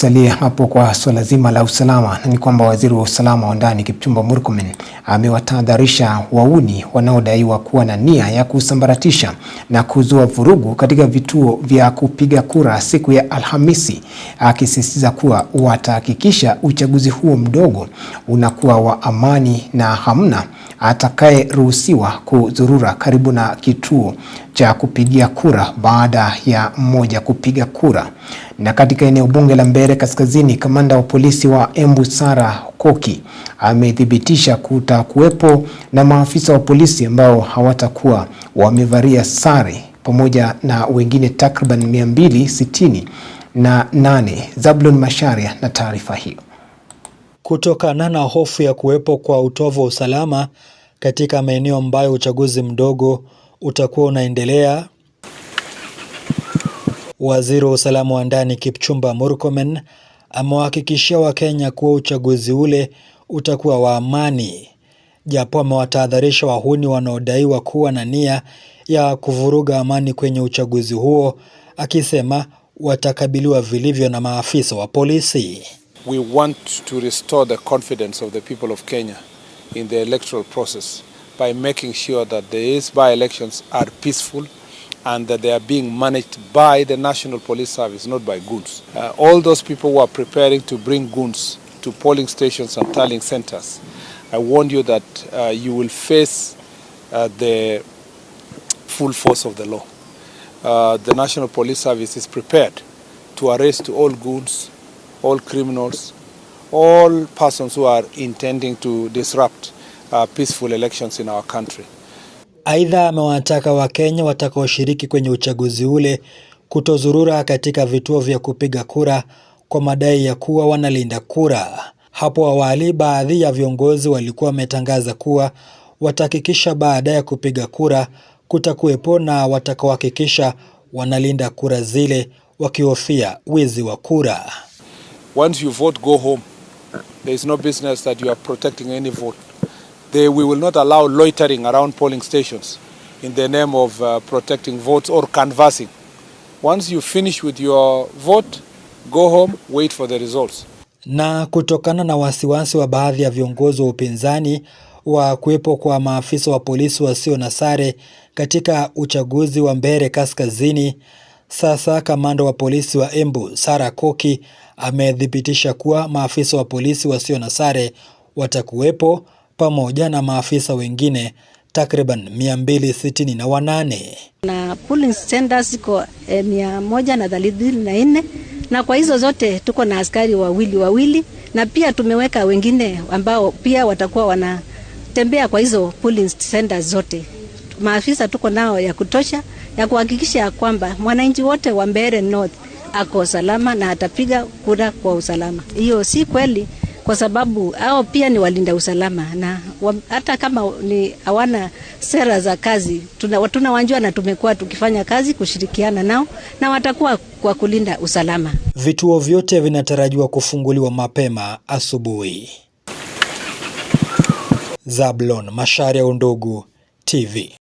tusalie hapo kwa suala zima la usalama, ni kwamba waziri wa usalama wa ndani Kipchumba Murkomen amewatahadharisha wauni wanaodaiwa kuwa na nia ya kusambaratisha na kuzua vurugu katika vituo vya kupiga kura siku ya Alhamisi, akisisitiza kuwa watahakikisha uchaguzi huo mdogo unakuwa wa amani na hamna atakayeruhusiwa kuzurura karibu na kituo cha kupigia kura baada ya mmoja kupiga kura. Na katika eneo bunge la Mbeere Kaskazini, kamanda wa polisi wa Embu sara Koki amethibitisha kutakuwepo na maafisa wa polisi ambao hawatakuwa wamevalia sare pamoja na wengine takriban na nane. Zablon masharia na taarifa hiyo kutokana na hofu ya kuwepo kwa utovu wa usalama katika maeneo ambayo uchaguzi mdogo utakuwa unaendelea. Waziri wa usalama wa ndani Kipchumba Murkomen amewahakikishia Wakenya kuwa uchaguzi ule utakuwa wa amani, japo amewatahadharisha wahuni wanaodaiwa kuwa na nia ya kuvuruga amani kwenye uchaguzi huo, akisema watakabiliwa vilivyo na maafisa wa polisi. We want to restore the confidence of the people of Kenya in the electoral process by making sure that these by-elections are peaceful and that they are being managed by the National Police Service, not by goons. Uh, all those people who are preparing to bring goons to polling stations and tallying centers, I warn you that uh, you will face uh, the full force of the law. Uh, the National Police Service is prepared to arrest all goons all criminals, all persons who are intending to disrupt uh, peaceful elections in our country. Aidha, amewataka Wakenya watakaoshiriki kwenye uchaguzi ule kutozurura katika vituo vya kupiga kura kwa madai ya kuwa wanalinda kura. Hapo awali, baadhi ya viongozi walikuwa wametangaza kuwa watahakikisha baada ya kupiga kura kutakuwepo na watakaohakikisha wanalinda kura zile wakihofia wizi wa kura. Once you vote, go home. There is no business that you are protecting any vote. They, we will not allow loitering around polling stations in the name of uh, protecting votes or canvassing. Once you finish with your vote, go home, wait for the results. Na kutokana na wasiwasi wa baadhi ya viongozi wa upinzani wa kuwepo kwa maafisa wa polisi wasio na sare katika uchaguzi wa Mbeere Kaskazini sasa kamanda wa polisi wa Embu Sara Koki amethibitisha kuwa maafisa wa polisi wasio na sare watakuwepo pamoja na maafisa wengine takriban 268 na polling centers iko eh, 134 na na kwa hizo zote tuko na askari wawili wawili, na pia tumeweka wengine ambao pia watakuwa wanatembea kwa hizo polling centers zote maafisa tuko nao ya kutosha ya kuhakikisha ya kwamba mwananchi wote wa Mbeere North ako salama na atapiga kura kwa usalama. Hiyo si kweli, kwa sababu hao pia ni walinda usalama na wa, hata kama ni hawana sera za kazi tuna, tuna wanjua na tumekuwa tukifanya kazi kushirikiana nao na watakuwa kwa kulinda usalama. Vituo vyote vinatarajiwa kufunguliwa mapema asubuhi. Zablon Macharia, Undugu TV.